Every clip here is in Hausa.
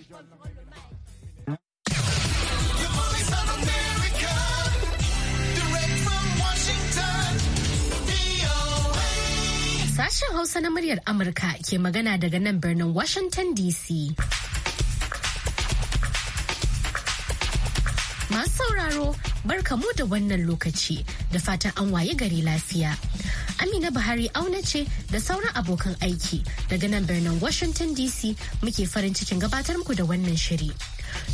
Sashen Hausa na muryar Amurka ke magana daga nan birnin Washington DC. Masu sauraro, barkamu da wannan lokaci da fatan an waye gari lafiya. Amina Buhari auna ce da sauran abokan aiki daga nan birnin Washington DC muke farin cikin gabatar muku da wannan shiri.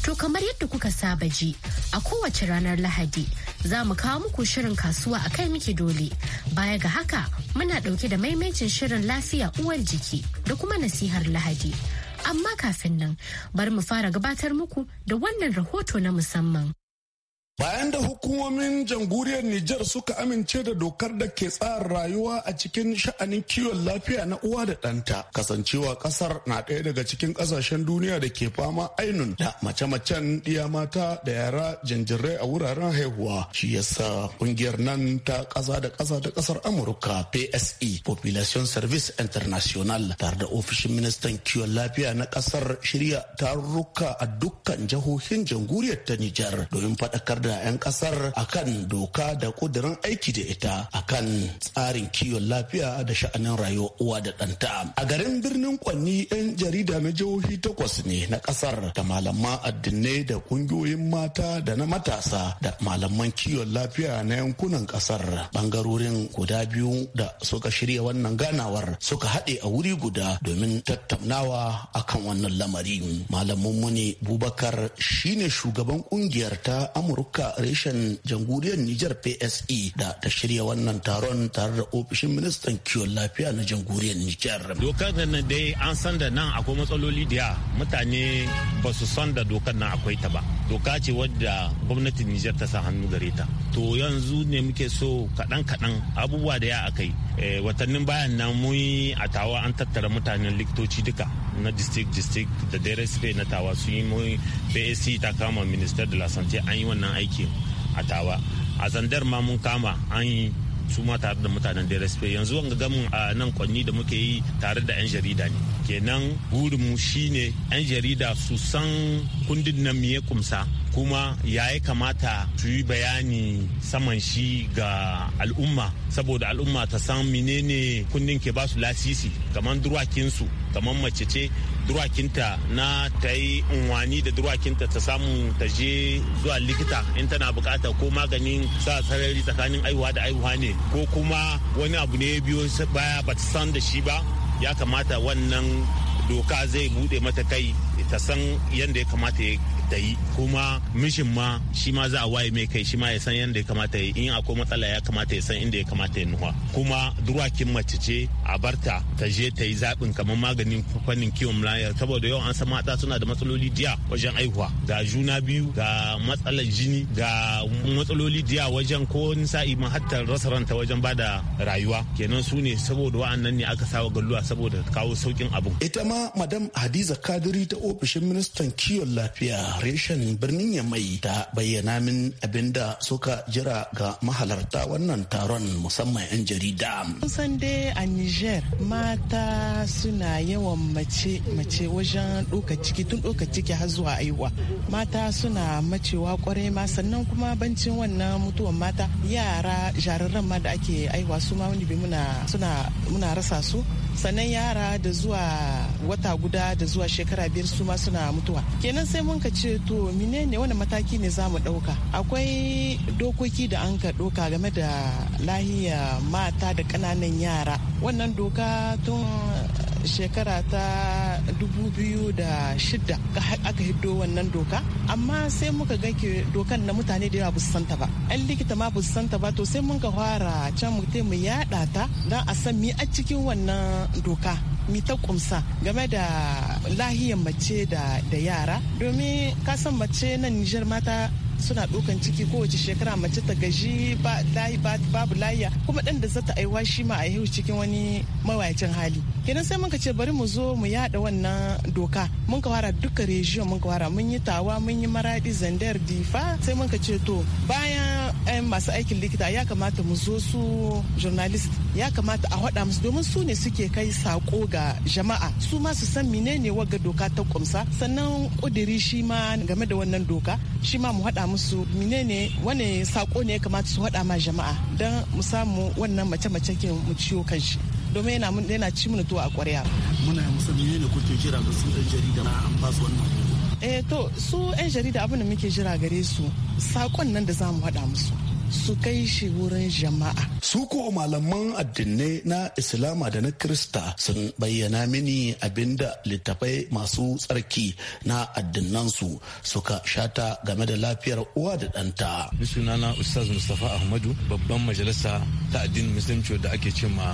To kamar yadda kuka saba ji a kowace ranar Lahadi za mu kawo muku shirin kasuwa a kai muke dole. Baya ga haka muna ɗauke da maimacin shirin lafiya uwar jiki da kuma nasihar Lahadi. Amma kafin nan bari mu fara gabatar muku da wannan rahoto na musamman. Bayan da hukumomin jamhuriyar Nijar suka amince da dokar da ke tsara rayuwa a cikin sha'anin kiwon lafiya na uwa da ɗanta, kasancewa ƙasar na ɗaya daga cikin ƙasashen duniya da ke fama ainun da mace-macen ɗiya mata da yara jinjirai a wuraren haihuwa. Shi yasa ƙungiyar nan ta ƙasa da ƙasa ta ƙasar Amurka PSE Population Service International tare da ofishin ministan kiwon lafiya na ƙasar shirya tarurruka a dukkan jihohin jamhuriyar ta Nijar domin faɗakar da 'yan kasar akan doka da kudirin aiki da ita akan tsarin kiwon lafiya da sha'anin rayuwa da ɗanta. A garin birnin Kwanni 'yan jarida na jihohi takwas ne na kasar da malaman addinai da kungiyoyin mata da na matasa da malaman kiwon lafiya na yankunan kasar bangarorin guda biyu da suka shirya wannan ganawar suka haɗe a wuri guda domin tattaunawa akan wannan lamari. Malamin muni Bubakar shine shugaban kungiyar ta Amurka duka reshen jamhuriyar Nijar PSE da ta shirya wannan taron tare da ofishin ministan kiwon lafiya na jamhuriyar Nijar. Dokar da nan dai an san da nan akwai matsaloli da mutane ba su san da dokar nan akwai ta ba. Doka ce wadda gwamnatin Nijar ta sa hannu gare ta. To yanzu ne muke so kaɗan kaɗan abubuwa da ya akai. Eh, watannin bayan nan mun yi a tawa an tattara mutanen likitoci duka na district district da DRSP na tawa su yi mai PSC ta kama minister de la santé an yi wannan aiki a tawa a zandar ma mun kama an yi su ma tare da mutanen DRSP yanzu wanga gamin a nan kwanni da muke yi tare da 'yan jarida ne kenan burinmu shine 'yan jarida su san kundin nan miye kumsa kuma yayi kamata su yi bayani saman shi ga al'umma saboda al'umma ta san menene kundin ke basu lasisi kamar durakinsu kamar mace ce durakinta na ta yi unwani da durakinta ta samu ta je zuwa likita in tana bukata ko maganin sa sarari tsakanin aihuwa da aihuwa ne ko kuma wani abu ne biyo baya ba ta san da shi ba ya kamata wannan doka zai bude mata kai ta san yadda ya kamata ya ta yi kuma mishin ma shi ma za a waye mai kai shi ma ya san yadda ya kamata ya in akwai matsala ya kamata ya san inda ya kamata ya nuwa kuma duwakin mace ce a barta ta je ta yi zaɓin kamar maganin fannin kiwon layar saboda yau an san mata suna da matsaloli diya wajen aihuwa ga juna biyu ga matsalar jini ga matsaloli diya wajen ko nisa ma hatta rasa ranta wajen da rayuwa kenan su ne saboda wa'annan ne aka sawa galuwa saboda kawo saukin abu. ita ma madam hadiza kadiri ta ofishin ministan kiwon lafiya reshen birnin Yamai ta bayyana min abin da suka jira ga mahalarta wannan taron musamman 'yan jarida. san dai a Niger mata suna yawan mace mace wajen ɗoka ciki tun ɗoka ciki har zuwa aiwa. Mata suna macewa kwarai ma sannan kuma bancin wannan mutuwan mata yara jariran ma da ake aiwa su ma wani bi muna suna muna rasa su sannan yara da zuwa wata guda da zuwa shekara biyar su ma suna mutuwa kenan sai mun ka ci. ce to menene wani mataki ne za mu ɗauka akwai dokoki da an ka ɗauka game da lahiya mata da ƙananan yara wannan doka tun shekara ta 2006 aka hiddo wannan doka amma sai muka ga ke dokan na mutane da yawa santa ba yan likita ma santa ba to sai mun ka fara can mu mu yada ta don a san mi a cikin wannan doka mi ta kumsa game da lahiyar mace da yara domin kasan mace nan nijar mata suna ɗaukan ciki kowace shekara mace ta gaji babu layya kuma ɗan da zata aiwa shi ma a yau cikin wani mawacin hali kenan sai muka ce bari mu zo mu yada wannan doka mun ka fara duka rejiyon mun ka fara mun yi tawa mun yi maradi zandar difa sai muka ce to bayan masu aikin likita ya kamata mu zo su journalist ya kamata a haɗa musu domin su ne suke kai sako ga jama'a su ma su san menene waga doka ta kumsa sannan ƙudiri shi ma game da wannan doka shi ma mu haɗa musu menene wane sako ne ya kamata su haɗa ma jama'a don mu samu wannan mace-mace ke mu ciwo kan shi domin yana ci mu tuwa a ƙwarya. muna musamman ne kuke kira ga su dan jarida na an ba su wannan eh to su 'yan jarida abin da muke jira gare su sakon nan da za mu haɗa musu su kai shi wurin jama'a. Su ko malaman addinai na Islama da na Krista sun bayyana mini abinda littafai masu tsarki na addinansu suka shata game da lafiyar uwa da ɗanta. Ni sunana Ustaz Mustapha Ahmadu babban majalisa ta addinin Musulunci da ake ce ma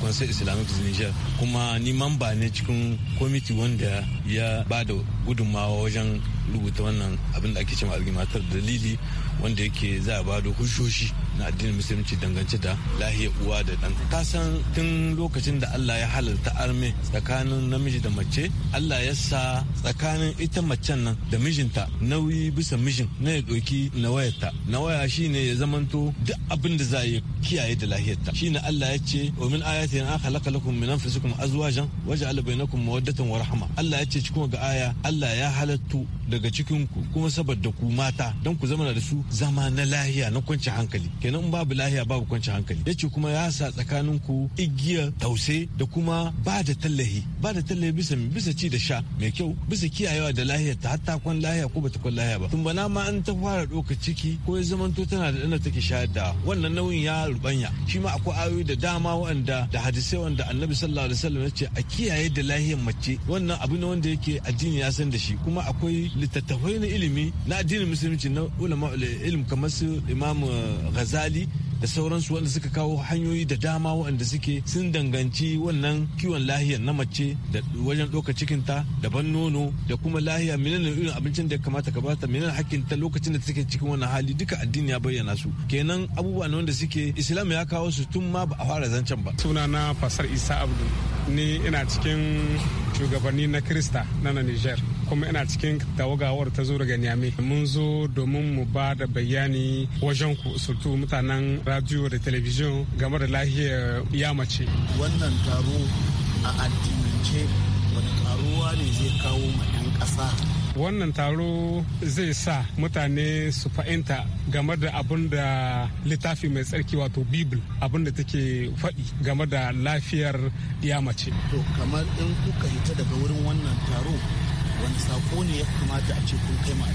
Conseil Islamic Niger kuma ni mamba ne cikin kwamiti wanda ya bada gudunmawa wajen rubuta wannan abin da ake cewa algimatar dalili wanda yake za a bada hushoshi na addinin musulunci dangance da lahiyar uwa da dan ka san tun lokacin da Allah ya halarta arme tsakanin namiji da mace Allah ya sa tsakanin ita mace nan da mijinta nauyi bisa mijin na ya doki na ta na waya shine ya zamanto duk abin da za yi kiyaye da lahiyarta shine Allah ya ce wa min ayatin an khalaqa lakum min anfusikum azwajan waja'ala bainakum mawaddatan wa rahma Allah ya ce cikin ga aya Allah ya halattu da daga cikin ku kuma saboda ku mata don ku zama da su zama na lahiya na kwanci hankali kenan babu lahiya babu kwanci hankali yace kuma ya sa tsakanin ku igiya tausayi da kuma ba da tallahi ba da tallahi bisa bisa ci da sha mai kyau bisa kiyayewa da lahiya ta hatta kwan lahiya ko bata kwan lahiya ba bana ma an ta fara doka ciki ko ya zamanto tana da dana take shayar da wannan nauyin ya rubanya shi ma akwai ayoyi da dama waɗanda da hadisai wanda annabi sallallahu alaihi wasallam ya ce a kiyaye da lahiyar mace wannan abu ne wanda yake addini ya san da shi kuma akwai بتتوين علمي نادين المسلمين ولا معلي علم كمس إمام آه، غزالي da sauransu wanda suka kawo hanyoyi da dama waɗanda suke sun danganci wannan kiwon lahiyar na mace da wajen ɗaukar cikinta da ban nono da kuma lahiya menene irin abincin da ya kamata ka bata menene hakkin ta lokacin da take cikin wannan hali duka addini ya bayyana su kenan abubuwa ne wanda suke islam ya kawo su tun ma ba a fara zancen ba sunana fasar isa abdu ni ina cikin shugabanni na krista na na niger kuma ina cikin tawagawar ta zo daga niamey mun zo domin mu ba da bayani wajen ku surtu mutanen radio da talabijin game da lahiyar yamace. wannan taro a addinance wani karuwa ne zai kawo ma kasa. wannan taro zai sa mutane su fahimta game da abin da littafi mai tsarki wato bibul abin da take faɗi game da lafiyar mace. to kamar in kuka hita daga wurin wannan taro wani sako ne ya kamata a ce kun kai ma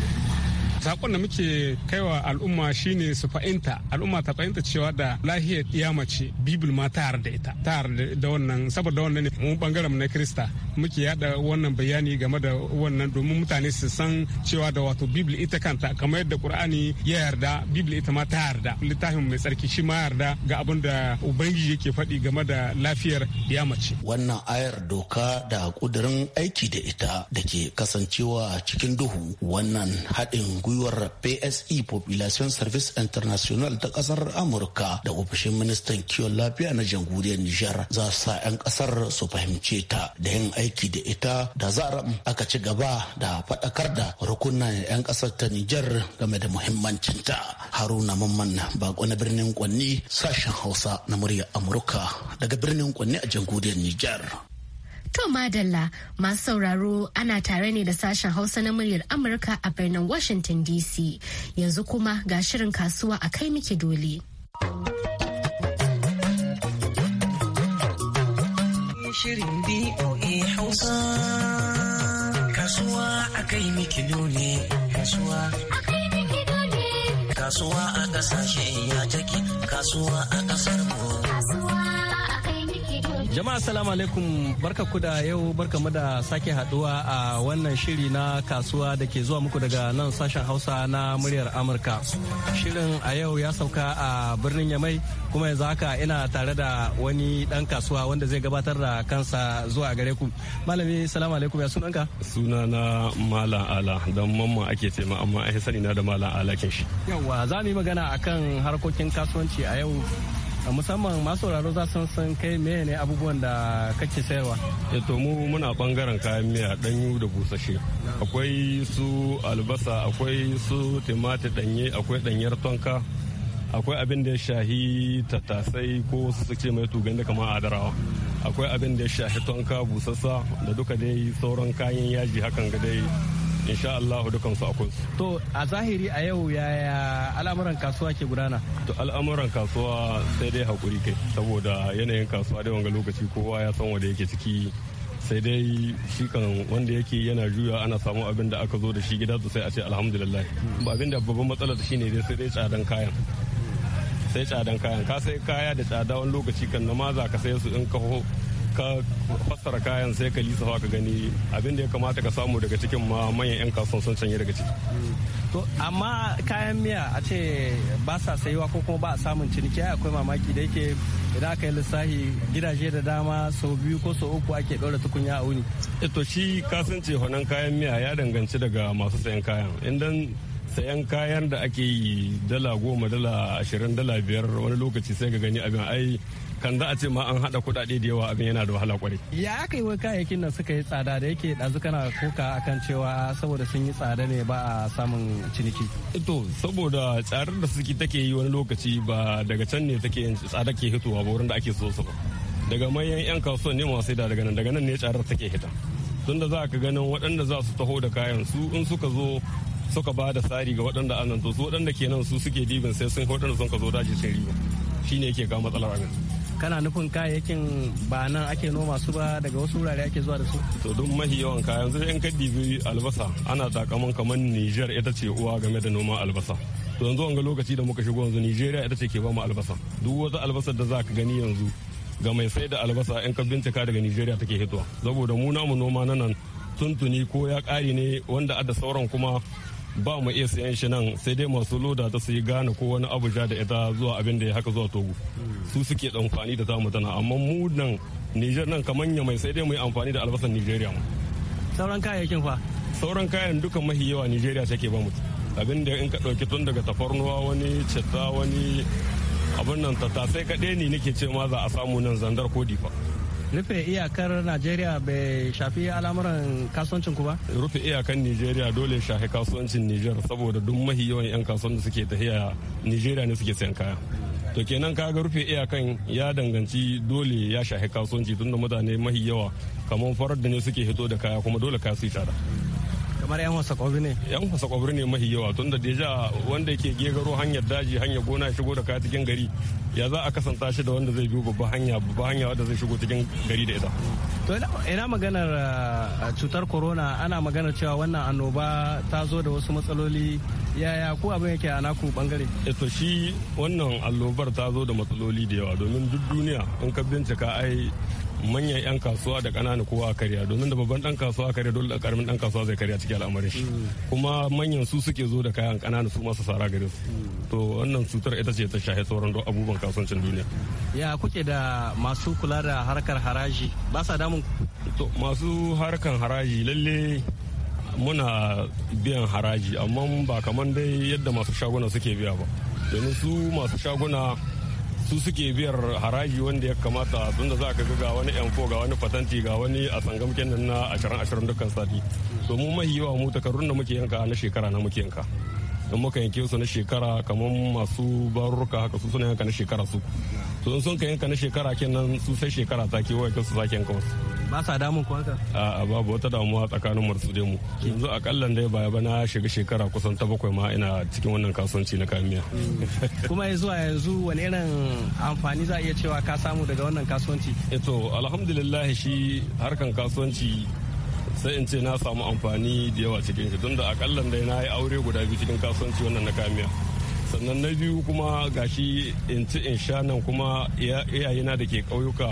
sakon da muke kaiwa al'umma shine su fahimta al'umma ta fahimta cewa da lahiyar iya mace bibil ma ta da ita ta da wannan saboda wannan ne mu bangaren na krista muke yada wannan bayani game da wannan domin mutane su san cewa da wato bibil ita kanta kamar yadda qur'ani ya yarda bibil ita ma ta yarda littafin mai tsarki shi ma yarda ga abin da ubangiji yake faɗi game da lafiyar iya mace wannan ayar doka da kudirin aiki da ita da ke kasancewa cikin duhu wannan haɗin gwiwa gwiwar PSE Population Service International ta kasar Amurka da ofishin ministan kiwon lafiya na jamhuriyar Nijar za su sa 'yan kasar su fahimce ta da yin aiki da ita da zarar aka ci gaba da faɗakar da rukunan 'yan kasar ta Nijar game da muhimmancinta. Haruna Mamman bako na birnin Kwanni sashen Hausa na murya Amurka daga birnin Kwanni a jamhuriyar Nijar. To Madalla masu sauraro ana tare ne da sashen Hausa na muryar Amurka a birnin Washington DC. Yanzu kuma ga shirin kasuwa a kai miki dole. Shirin BOA Hausa Kasuwa a kai miki dole Kasuwa Kasuwa a kasashe ya take Kasuwa a kasar mu Kasuwa Jama'a salamu alaikum barka ku da yau barka mu da sake haduwa a wannan shiri na kasuwa da ke zuwa muku daga nan sashen Hausa na muryar Amurka. Shirin a yau ya sauka a birnin Yamai kuma yanzu haka ina tare da wani dan kasuwa wanda zai gabatar da kansa zuwa gare ku. Malami salamu alaikum ya sunanka? Sunana Malam Ala dan mamma ake ce amma ai sani na da Malam Ala kin shi. Yawwa za mu yi magana akan harkokin kasuwanci a yau musamman masu sauraro za san san kai me ne abubuwan da kake sayarwa ya eh to mu muna bangaren kayan miya danyu da busashe akwai su albasa akwai su timatir danye akwai danyar tonka akwai abin da ya shahi tattasai ko su ce mai tugan da kamar adarawa akwai abin da ya shahi tonka busassa da duka dai sauran kayan yaji hakan ga dai insha Allah dukan su akwai to a zahiri a yau yaya al'amuran kasuwa ke gudana to al'amuran kasuwa sai dai hakuri kai saboda yanayin kasuwa da wanga lokaci kowa ya san wanda yake ciki sai dai shi kan wanda yake yana juya ana samu abin da aka zo da shi gida sai a ce alhamdulillah ba abin da babban matsalar shi ne sai dai tsadan kayan sai tsadan kayan ka sai kaya da tsada wani lokaci kan na maza ka sai su in ka ka fassara kayan sai ka lissafa ka gani abin da ya kamata ka samu daga cikin ma manyan 'yan kasuwan sun canye daga ciki. To amma kayan miya a ce ba sa sayuwa ko kuma ba a samun ciniki akwai mamaki da yake idan aka yi lissafi gidaje da dama sau biyu ko sau uku ake ɗora tukunya a wuni. Eh, to shi kasance honan kayan miya ya danganci daga masu sayan kayan. Indan sayan kayan da ake yi dala goma dala ashirin dala biyar wani lokaci sai ga gani abin ai kan za a ce ma an haɗa kuɗaɗe da yawa abin yana da wahala kwarai. Ya aka yi wa kayayyakin nan suka yi tsada da yake ɗazu kana kuka akan cewa saboda sun yi tsada ne ba a samun ciniki. To saboda tsarin da suke take yi wani lokaci ba daga can ne take yin tsada ke hitowa ba wurin da ake so su ba. Daga manyan 'yan kasuwan ne masu da daga nan daga nan ne tsadar take hita. Tun da za ka ganin waɗanda za su taho da kayan su in suka zo suka ba da tsari ga waɗanda anan to su waɗanda kenan su suke dibin sai sun waɗanda sun ka zo daji sun riba shine yake ga matsalar anan. kana nufin kayayyakin ba nan ake noma su ba daga wasu wurare ake zuwa da su to don mahi yawan kayan zai yan kaddibi albasa ana takaman kamar Niger ita ce uwa game da noma albasa to yanzu ga lokaci da muka shigo yanzu Nigeria ita ce ke ba mu albasa duk wata albasar da za ka gani yanzu ga mai sai da albasa yan ka bincika daga Nigeria take hitowa saboda mu namu noma na nan tuntuni ko ya kari ne wanda da sauran kuma ba mu iya siyan shi nan sai dai masu loda ta sai gane ko wani abuja da ita zuwa abin da ya haka zuwa togo su suke amfani da tamu tana amma mu nan niger nan kamar ya mai sai dai mu yi amfani da albasan nigeria mu sauran kayayyakin fa sauran kayan duka mahi yawa nigeria take ba mu abin da in ka ɗauki tun daga tafarnuwa wani citta wani abin nan tattasai kaɗai ne nake ce ma za a samu nan zandar ko difa rufe iyakar najeriya bai shafi al'amuran kasuwancin ku ba rufe iyakar najeriya dole shafi kasuwancin niger saboda duk mahi yawan 'yan kasuwan da suke tafiya nigeria ne suke sayan kaya to kenan kaga rufe iyakan ya danganci dole ya shafi kasuwanci tunda mutane mahi yawa kamar farar da ne suke hito da kaya kuma dole kaya su yi kamar yan wasa kwabi ne yan wasa kwabi ne mahi yawa tun da deja wanda yake gegaro hanyar daji hanyar gona shigo da kaya cikin gari ya za a kasanta shi da wanda zai biyo babban hanya babban hanya wanda zai shigo cikin gari da ita to ina maganar ah, cutar corona ana magana cewa wannan annoba ta zo da wasu matsaloli yaya ko abin yake a naku bangare e, to shi wannan allobar ta zo da matsaloli da yawa domin duk duniya in ka bincika ai manyan 'yan kasuwa da ƙananan kowa a karya domin da babban ɗan kasuwa a karya dole da ƙaramin ɗan kasuwa zai karya cikin al'amarin shi mm. kuma manyan su suke zo da kayan ƙananan su masu sara gare su mm. to wannan cutar ita ce ta shahe sauran duk abubuwan kasuwancin duniya ya kuke da masu kula da harkar haraji ba sa damun to masu harkar haraji lalle muna biyan haraji amma ba kamar dai yadda masu shaguna suke biya ba domin su masu shaguna su suke biyar haraji wanda ya kamata tunda za ka ga wani yanfo ga wani fatanti ga wani a sangamken kenan na ashirin ashirin dukkan sati to mu mahi yawa mu takarun da muke yanka na shekara na muke yanka in muka yanke su na shekara kamar masu barurruka haka su suna yanka na shekara su to in sun ka yanka na shekara kenan su sai shekara ta ke kewaye su sake yanka wasu ba sa damun ku a babu wata damuwa tsakanin marsu da mu yanzu akalla dai baya ba na shiga shekara kusan ta bakwai ma ina cikin wannan kasuwanci na kamiya. kuma yanzu a yanzu wani irin amfani za a iya cewa ka samu daga wannan kasuwanci eto eh alhamdulillah shi harkan kasuwanci sai in ce na samu amfani da yawa cikin shi tunda akalla dai na yi aure guda biyu cikin kasuwanci wannan na kamiya sannan na biyu kuma gashi in ci in sha nan kuma iyayena da ke ƙauyuka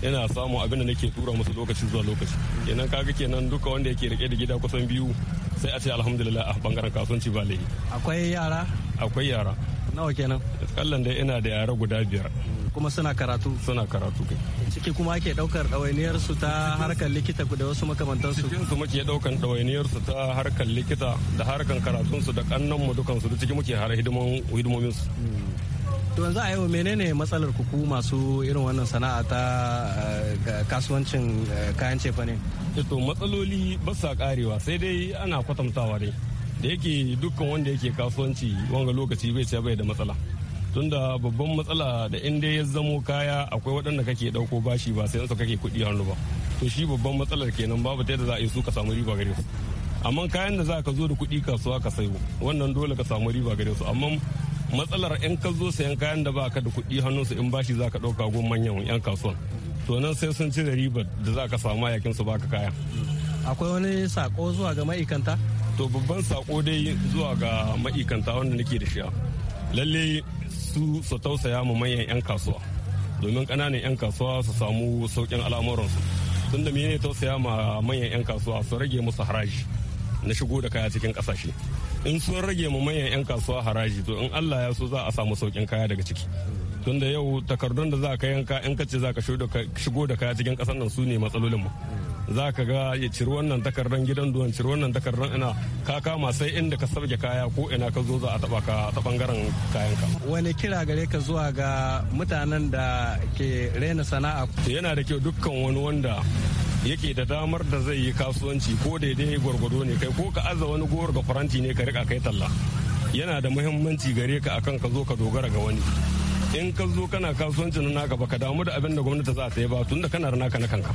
yana samun abin da nake tura musu lokaci zuwa lokaci kenan kaga kenan duka wanda yake rike da gida kusan biyu sai a ce alhamdulillah a bangaren kasuwanci ba laifi akwai yara akwai yara nawa kenan Kallon dai ina da yara guda biyar kuma suna karatu suna karatu kai ciki kuma ake daukar ɗawainiyar su ta harkar likita da wasu makamantan su cikin su muke daukan ɗawainiyar su ta harkar likita da harkar karatun su da kannan mu dukan su da ciki muke har hidimomin su hmm. to yanzu a yau menene matsalar kuku masu irin wannan sana'a ta eh, kasuwancin eh, kayan cefa ne eh, to matsaloli ba sa karewa sai dai ana kwatantawa dai da yake dukkan wanda yake kasuwanci wanga lokaci bai ce bai da matsala tunda babban matsala da in dai ya zamo kaya akwai waɗanda kake ɗauko bashi ba sai yansa kake kuɗi hannu ba to shi babban matsalar kenan babu ta yadda za a yi su ka samu riba gare su amma kayan da za ka zo da kuɗi kasuwa ka sayo wannan dole ka samu riba gare su amma matsalar in ka zo sayan kayan da baka da kuɗi hannunsu in bashi za ka ɗauka gun manyan 'yan kasuwan to nan sai sun cire ribar da za ka samu yakin su baka kaya akwai wani sako zuwa ga ma'ikanta to babban sako dai zuwa ga ma'ikanta wanda nake da shi lalle su su tausaya mu manyan 'yan kasuwa domin ƙananan 'yan kasuwa su samu sauƙin al'amuransu tunda mene tausaya ma manyan 'yan kasuwa su rage musu haraji na shigo da kaya cikin kasashe. in sun rage mu manyan 'yan kasuwa haraji to in allah ya so za a samu saukin kaya daga ciki tun da yau takardun da za ka yanka in ka ce za ka shigo da kaya cikin kasar nan su ne matsalolinmu za ka ga ya ciri wannan takardar gidan duwan ciri wannan takardar ina ka kama sai inda ka sabge kaya ko ina ka zo za a taba ka ta bangaren kayan ka wani kira gare ka zuwa ga mutanen da ke rena sana'a yana da kyau dukkan wani wanda yake da damar da zai yi kasuwanci ko daidai gwargwado ne kai ko ka aza wani gowar ga faranti ne ka rika kai talla yana da muhimmanci gare ka akan ka zo ka dogara ga wani in ka zo kana kasuwanci na naka baka damu da abin da gwamnati za ta yi ba tunda kana da naka na kanka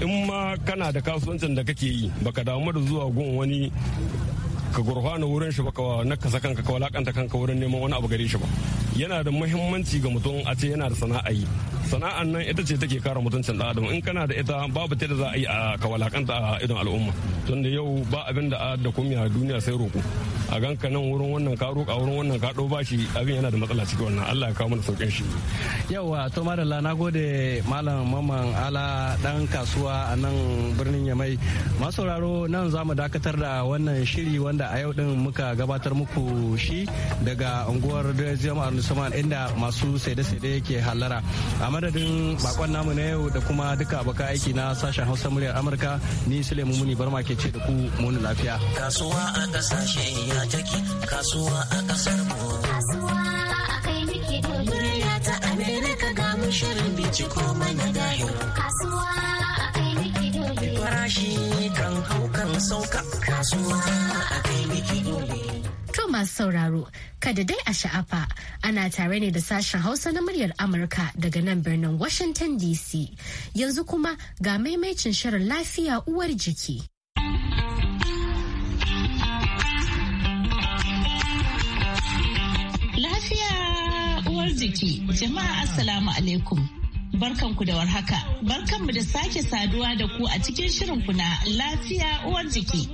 in ma kana da kasuwancin da kake yi baka damu da zuwa gun wani ka gurfana wurin shi baka na kasa kanka ka walakanta kanka wurin neman wani abu gare shi ba yana da muhimmanci ga mutum a ce yana da sana'a yi sana'an nan ita ce take kare mutuncin ɗan adam in kana da ita babu ta da za a yi a kawalakanta a idon al'umma tun da yau ba abin da a da kumiya duniya sai roƙo a ganka nan wurin wannan ka roƙa wurin wannan ka ɗau bashi abin yana da matsala cikin wannan Allah ya kawo mana sauƙin shi yawa to madalla na gode malam maman ala dan kasuwa a nan birnin yamai masu raro nan za mu dakatar da wannan shiri wanda a yau din muka gabatar muku shi daga unguwar jama'ar musamman inda masu saide-saide ke hallara a madadin bakon namu na yau da kuma duka abokan aiki na sashen hausa muryar amurka ni sulaimu muni barma ke ce da ku muni lafiya kasuwa a kasashe ya take kasuwa a kasar mu kasuwa a kai nake duniya ta amerika ga mu shirin binciko mana dahil kasuwa a kai nake duniya farashi kan hau kan sauka kasuwa a kai nake duniya masu sauraro, kada dai a sha'afa ana tare ne da sashen Hausa na muryar Amurka daga nan birnin Washington DC. Yanzu kuma ga maimacin shirin lafiya uwar jiki. Lafiya uwar jiki, jama'a Assalamu alaikum. barkan ku da warhaka. Barkanmu da sake saduwa da ku a cikin shirin na lafiya uwar jiki.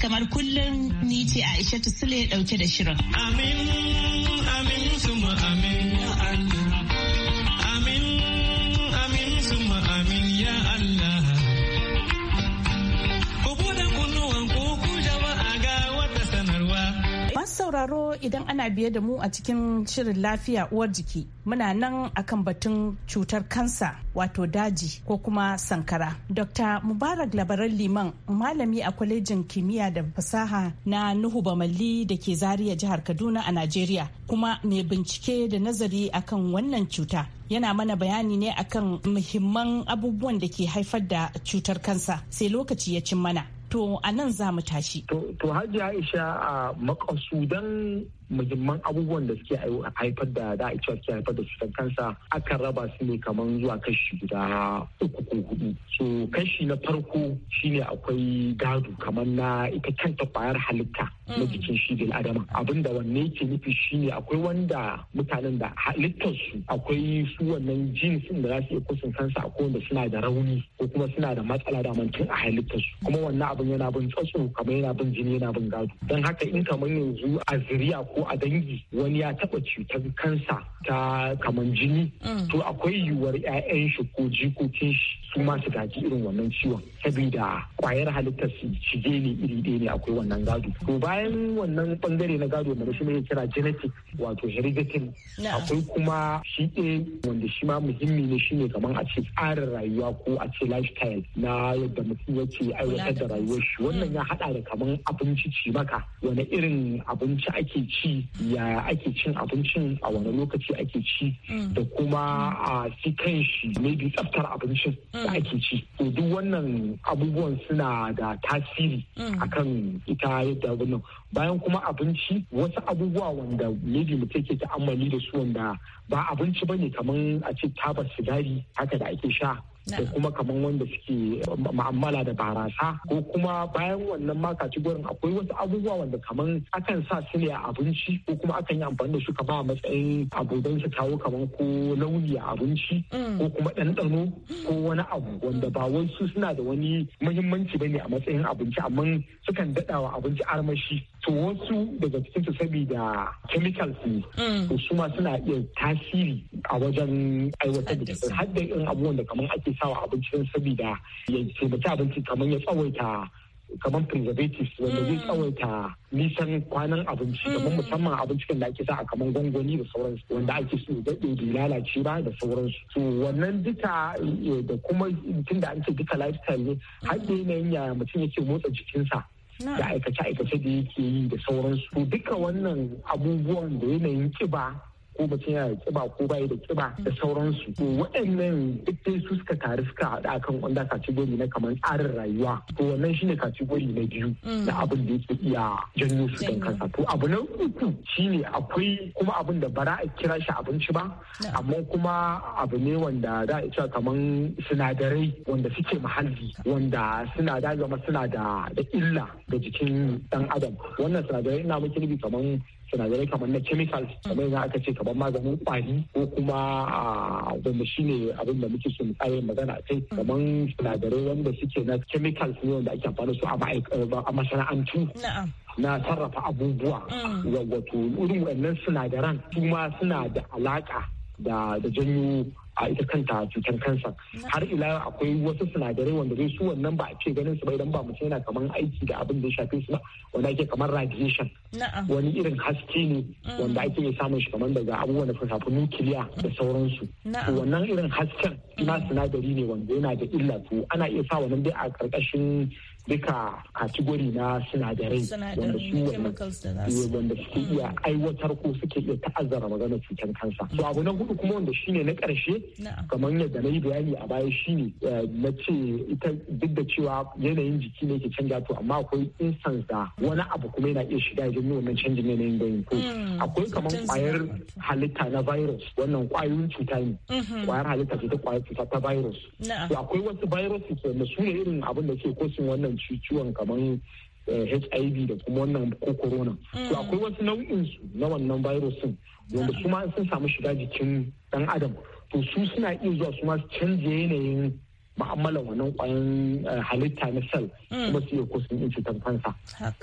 Kamar kullum ni ce Aisha Sule dauke da shirin. Amin, amin, suma amin ya Allah. Amin, amin, suma amin ya Allah. sauraro idan ana biye da mu a cikin shirin lafiya uwar jiki muna nan akan batun cutar kansa wato daji ko kuma sankara. Dr. Mubarak labaran liman malami a kwalejin kimiyya da fasaha na Nuhu Bamalli da ke zariya jihar Kaduna a Najeriya kuma mai bincike da nazari akan wannan cuta. Yana mana bayani ne akan muhimman abubuwan da ke haifar da cutar kansa sai lokaci ya cin mana. to a nan za mu tashi. To Hajji Aisha a makasudan muhimman abubuwan da suke haifar da da aicewa suke haifar da cutar kansa akan raba su ne kamar zuwa kashi guda uku ko hudu so kashi na farko shine akwai gado kamar na ita kanta kwayar halitta na jikin shi bil adama abinda wanne ke nufi shine akwai wanda mutanen da halittar akwai su wannan jins da za su iya kusan kansa akwai wanda suna da rauni ko kuma suna da matsala da mantin a halittar kuma wannan abin yana bin tsatso kamar yana bin jini yana bin gado don haka in kamar yanzu a zuriya ko a dangi wani ya taba cutar kansa ta kamar jini mm. to akwai yiwuwar 'ya'yan shi ko jikokin shi su ma su gaji irin wannan ciwon saboda kwayar halittar su cije ne iri ɗaya ne akwai wannan gado to baya bayan wannan bangare na gado da shi ne kira genetic wato hereditary akwai kuma shi ɗaya wanda shi ma muhimmi ne shine kamar a ce tsarin rayuwa ko a ce lifestyle na yadda mutum yake aiwatar da rayuwar shi wannan ya haɗa da kamar abinci ci maka wani irin abinci ake ci ya ake cin abincin a wani lokaci ake ci mm. da kuma a shi kan shi maybe tsaftar abincin da mm. ake ci to duk wannan abubuwan suna da tasiri mm. akan ita yadda wannan bayan kuma abinci wasu abubuwa wanda maybe mutum ke amali da su wanda ba abinci ba ne kamar a ce tabar sigari haka da ake sha ko kuma kamar wanda suke ma'amala da barasa ko kuma bayan wannan ma gurin akwai wasu abubuwa wanda kamar akan sa su ne a abinci ko kuma akan yi amfani da su kama a matsayin abubuwan su kawo kamar ko launi a abinci mm. ko kuma ɗanɗano ko wani abu wanda ba wasu suna da wani muhimmanci bane a matsayin abinci amma sukan daɗa wa abinci armashi to wasu daga cikin su saboda chemicals ne mm. to su ma suna iya tasiri a wajen aiwatar da har da irin abubuwan da kamar ake ake sawa abincin sabida ya taimaki abinci kamar ya tsawaita kamar preservatives wanda zai mm. tsawaita nisan kwanan abinci mm. kamar musamman abincin da ake sa a kamar gwangwani da sauransu wanda ake so daɗe bai lalace ba da sauransu to wannan duka eh, da kuma tunda an ce duka lifestyle ne har da yanayin yaya mutum yake motsa jikinsa da aikace-aikace da yake yi da sauransu duka wannan abubuwan da yanayin kiba ko mutum yana da kiba ko bai da kiba da sauransu to waɗannan duk dai su suka taru suka haɗu kan wanda kategori na kamar tsarin rayuwa to wannan shine kategori na biyu mm. na abin da yake iya janyo su kan kansa to abu na uku shine akwai kuma abin da bara a kira shi abinci ba amma kuma abu ne wanda za a cewa kamar sinadarai wanda suke muhalli wanda suna da zama suna da illa ga jikin dan adam wannan sinadarai ina muke nufi kamar sinadarai kamar na chemicals kamar yana aka ce kamar maganin kwari ko kuma ah, wanda shine abin da muke so mu magana a kai kamar sinadarai wanda suke na chemical ne wanda ake amfani su a masana'antu na sarrafa abubuwa mm. wato irin wannan sinadaran kuma suna da alaka da janyo a ita kanta cutar kansa har ila akwai wasu sinadarai wanda dai su wannan ba a ce ganin su ba idan ba mutum yana kamar aiki da abin da ya shafe su ba wanda ake kamar radiation wani irin haske ne wanda ake yi samun shi kamar daga abubuwan da suka nukiliya da sauransu wannan irin hasken ina sinadari ne wanda yana da illa to ana iya sa wannan dai a karkashin duka kategori na sinadarai wanda su wanda suke iya hmm. aiwatar ko suke iya ta'azzara magana cutar kansa to abu na hudu kuma wanda shine na karshe kamar yadda na yi bayani a baya shine eh, na ce ita duk da cewa yanayin jiki ne ke canja to amma akwai instance da wani abu kuma yana iya shiga ya janyo wannan canjin yanayin da ko hmm. akwai kamar kwayar halitta na virus wannan kwayoyin cuta ne kwayar mm-hmm. halitta ce ta kwayar cuta ta virus to akwai wasu virus na su ne irin abin da ke kosin wannan wannan ciwon kamar eh, HIV da kuma wannan ko corona. To mm. akwai wasu nau'in su na wannan virus din wanda kuma mm. sun samu shiga jikin dan adam to su suna iya zuwa su ma canje yanayin ma'amalan wannan kwayan eh, halitta na cell mm. kuma su iya kusan yin cutar kansa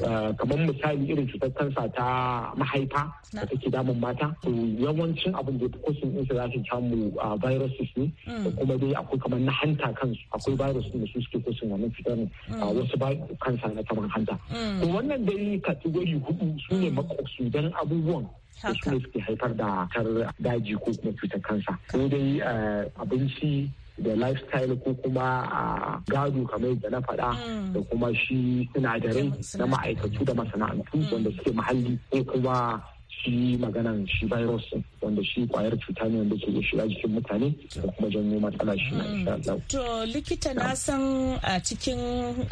eh, kamar misali irin cutar kansa ta mahaifa da take damun mata to yawancin abin da ya kusan yin za su samu ah, viruses ne mm. da kuma dai akwai kamar na hanta kansu akwai mm. virus da su suke kusan wannan cutar ah, wasu ba kansa na kamar hanta to wannan dai kategori hudu su ne makwasudan abubuwan su ne suke haifar da kar daji ko kuma cutar kansa ko dai eh, abinci da lifestyle ko kuma a gado kamar da na faɗa mm. da kuma shi sinadarin na ma'aikatu da masana'antu mm. wanda suke muhalli ko kuma shi maganan shi virus wanda shi kwayar cuta ne wanda ke shiga jikin mutane da kuma janyo matsala shi na mm. To likita na san a cikin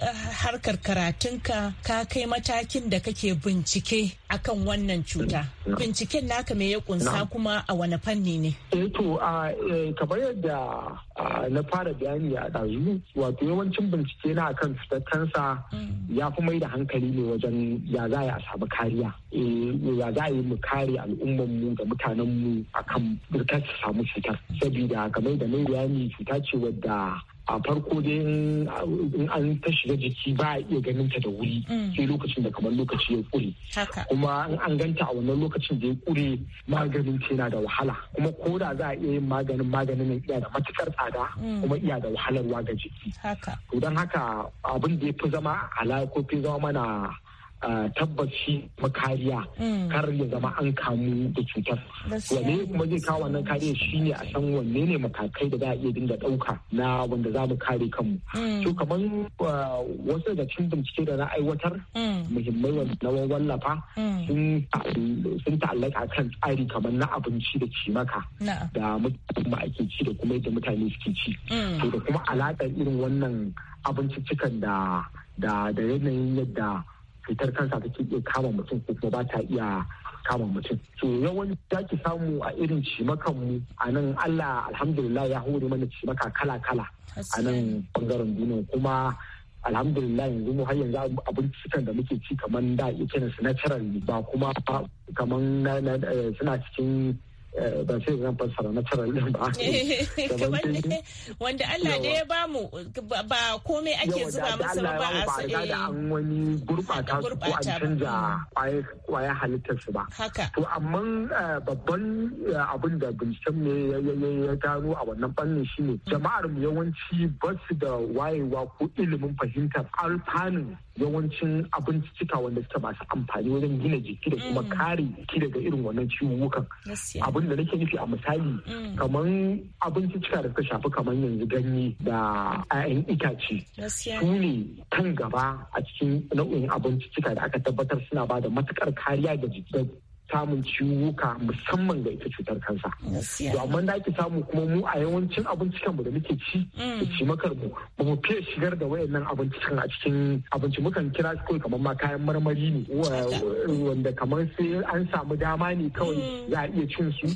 eh, harkar karatunka ka kai matakin da kake bincike akan wannan cuta. Binciken naka me ya kunsa kuma a wani fanni ne? Eh to eh, kamar yadda na fara bayani a ɗazu wato yawancin bincike na akan cutar mm. ya fi mai da hankali ne wajen ya za a samu kariya eh, ya za a yi mu kare al'ummanmu da mutanenmu akan birkar su samu cutar saboda kamar da mai bayani cuta ce wadda a farko dai in an ta shiga jiki ba a iya ganin ta da wuri mm. sai lokacin da kamar lokaci ya kure kuma in an ganta a wannan lokacin da ya kure maganin ta yana da wahala kuma ko da za a iya yin maganin maganin nan iya da matukar tsada mm. kuma iya da wahalarwa ga jiki to don haka abin da ya fi zama ala ko fi zama mana tabbas shi makariya mm. kar ya zama an kamu da cutar wanne kuma zai kawo wannan kariya shine a san wanne ne matakai da za a iya dinga ɗauka na wanda za mu kare kanmu mm. to kamar uh, wasu daga cikin bincike da na aiwatar mm. muhimmai wanda na wallafa sun ta'allaka kan tsari kamar na abinci da cimaka da mutane ake ci da kuma yadda mutane suke ci to da kuma alaƙar irin wannan abinciccikan da da yanayin yadda cutar kansa take iya kama mutum ko kuma ba ta iya kama mutum to yawan da ki samu a irin cimakan mu a nan Allah alhamdulillah ya hore mana cimaka kala kala a nan bangaren duniya kuma alhamdulillah yanzu mu har yanzu abincin da muke ci kaman da iya kiransu natural ba kuma kamar eh, suna cikin Eh, ba sai zan fassara na tarar din ba wanda Allah da ya mu ba komai ake zuba masa ba ba a sai da eh, an wani gurbata su ko an canza kwaya halittar su ba to amma eh, babban abin da binciken ne ya gano a wannan fannin shine mm. jama'ar mu yawanci ba su da wayewa ko ilimin fahimtar alfanun yawancin abin cika wanda suke masu amfani wajen gina jiki da kuma mm. kare jiki daga irin wannan ciwuwukan abin da nake nufi a misali mm. kamar abinci cika da suka shafi kamar yanzu ganye da 'ya'yan itace su ne kan gaba a cikin nau'in abinci cika da aka tabbatar suna ba da matukar kariya ga jiki samun ciwuka musamman ga ita cutar kansa. To amma da ake samu kuma mu a yawancin abincikan mu da muke ci mm. da ci makar mu ba mu fiye shigar da wayannan abincikan a cikin abinci mukan kira su kawai kamar ma kayan marmari ne wanda kamar sai an samu dama ne kawai mm. za a iya cin su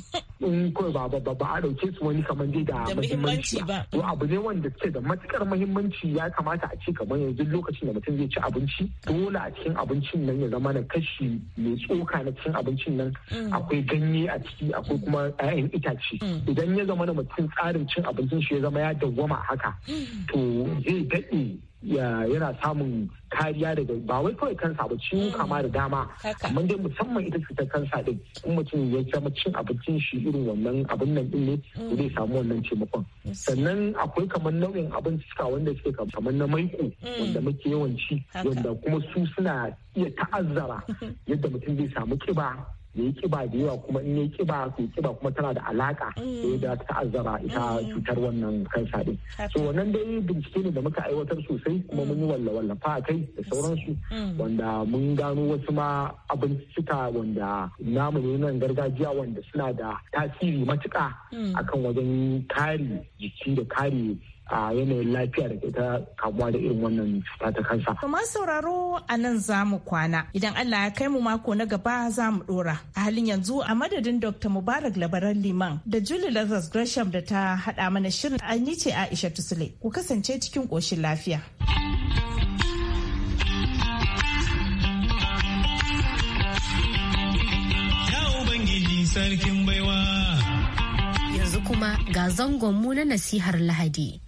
in kawai ba ba ba a dauke su wani kamar dai da muhimmanci ba. To abu ne wanda suke da matukar muhimmanci ya kamata a ce kamar yanzu lokacin da mutum zai ci abinci dole a cikin abincin nan ya zama na kashi mai tsoka na cikin abinci abincin nan mm. akwai ganye a ciki akwai kuma 'ya'yan itace mm. idan ya zama da mutum tsarin cin abincin shi ya zama ya dawwama haka mm. to zai daɗe yana samun kariya daga ba wai kawai kansa ba ciwo kama da mm. dama amma dai musamman ita cutar kansa din in mutum ya zama cin abincin shi irin wannan abin nan din ne mm. zai samu wannan taimakon sannan akwai kamar nau'in suka wanda suke kamar na maiko mm. wanda muke yawanci wanda kuma su suna iya ta'azzara yadda mutum zai samu kiba ya yi kiba da yawa kuma in ya yi kiba to kiba kuma tana da alaka da mm. ta ta'azzara ita mm. cutar wannan kansa din so wannan dai bincike ne da muka aiwatar sosai kuma mun yi walla mm. wallafa a kai da sauransu wanda mun gano wasu ma abincika wanda namu ne nan gargajiya wanda suna da tasiri matuka akan wajen kare jiki da kare a yanayin lafiya da ke ta kamuwa da irin wannan cuta ta kansa. Kamar sauraro a nan za mu kwana idan Allah ya kai mu mako na gaba za mu dora. A halin yanzu a madadin Dr. Mubarak Labaran Liman da Julie Lazarus Gresham da ta haɗa mana shirin an yi ce Aisha Tusule ku kasance cikin ƙoshin lafiya. sarkin baiwa. Yanzu kuma ga zangonmu na nasihar Lahadi.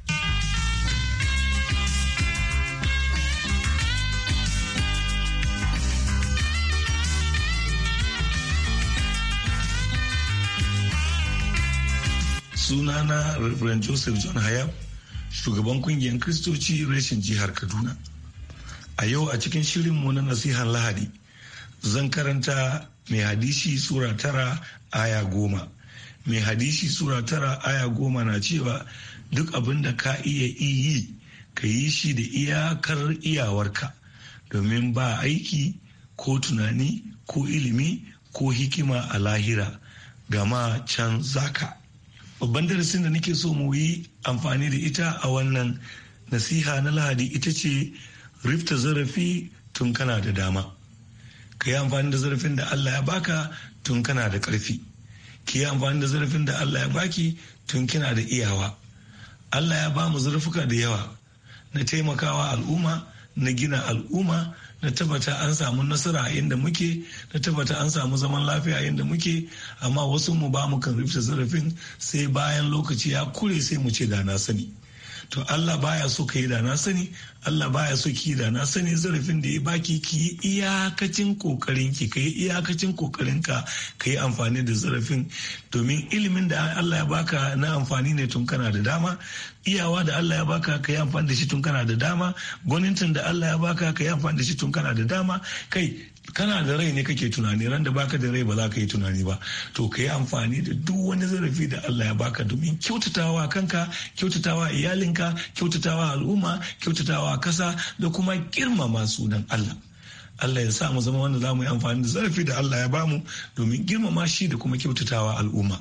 sunana Reverend Joseph John Hayab shugaban kungiyar Kristoci reshen jihar Kaduna. A yau a cikin shirinmu na nasihan Lahadi zan karanta mai hadishi Sura tara aya goma. Mai hadishi Sura tara aya goma na cewa duk abin da ka iya yi ka yi shi da iyakar iyawarka domin ba aiki ko tunani ko ilimi ko hikima a lahira gama can zaka. babban darasin da nake so mu yi amfani da ita a wannan nasiha na lahadi ita ce rifta zarafi tun kana da dama ka yi amfani da zarafin da allah ya baka tun kana da ƙarfi ki yi amfani da zarafin da allah ya baki tun kina da iyawa allah ya ba mu zarafuka da yawa na taimakawa al'umma na gina al'umma na tabbata an samu nasara a inda muke na tabbata an samu zaman lafiya a inda muke amma wasu mu ba mu kan rufe zarafin sai bayan lokaci ya kure sai mu ce da na sani to Allah baya so ka yi da na sani Allah baya so ki da na sani zarafin da ya baki ki yi iyakacin kokarin ki kai iyakacin kokarin ka kayi amfani da zarafin domin ilimin da Allah ya baka na amfani ne tun kana da dama iyawa da Allah ya baka ka yi amfani da shi tun kana da dama gwanintin da Allah ya baka kai yi amfani da shi tun kana da dama kai kana da rai ne kake tunani ran da baka da rai ba za ka yi tunani ba to ka yi amfani da duk wani zarafi da Allah ya baka domin kyautatawa kanka kyautatawa iyalinka kyautatawa al'umma kyautatawa kasa da kuma girmama sunan Allah Allah ya sa mu zama wanda za mu yi amfani da zarafi da Allah ya bamu domin girmama shi da kuma kyautatawa al'umma.